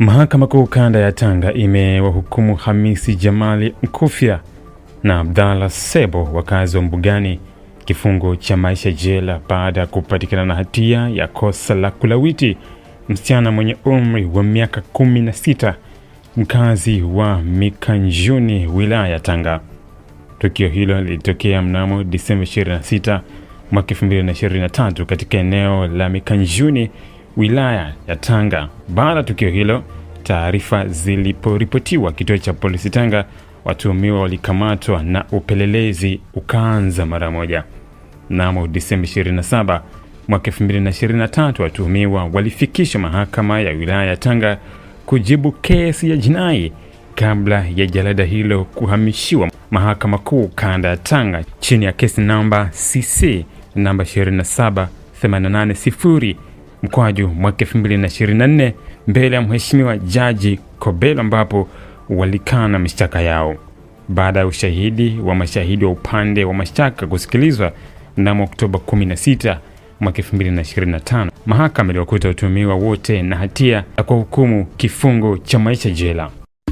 Mahakama Kuu Kanda ya Tanga imewahukumu Hamisi Jamali Mkufya na Abdalla Sebo wakazi wa Mbugani kifungo cha maisha jela baada ya kupatikana na hatia ya kosa la kulawiti msichana mwenye umri wa miaka sita mkazi wa Mikanjuni wilaya ya Tanga. Tukio hilo lilitokea mnamo Disemba 26 mwaka 2023 katika eneo la Mikanjuni wilaya ya Tanga. Baada ya tukio hilo taarifa ziliporipotiwa kituo cha polisi Tanga, watuhumiwa walikamatwa na upelelezi ukaanza mara moja. Mnamo Disemba 27 mwaka 2023, watuhumiwa walifikishwa mahakama ya wilaya ya Tanga kujibu kesi ya jinai kabla ya jalada hilo kuhamishiwa Mahakama Kuu Kanda ya Tanga chini ya kesi namba CC namba 27880 mkwaju mwaka 2024 mbele ya mheshimiwa Jaji Kobelo ambapo walikana mashtaka yao. Baada ya ushahidi wa mashahidi wa upande wa mashtaka kusikilizwa mnamo Oktoba 16 mwaka 2025, mahakama iliwakuta watuhumiwa wote na hatia ya hukumu kifungo cha maisha jela.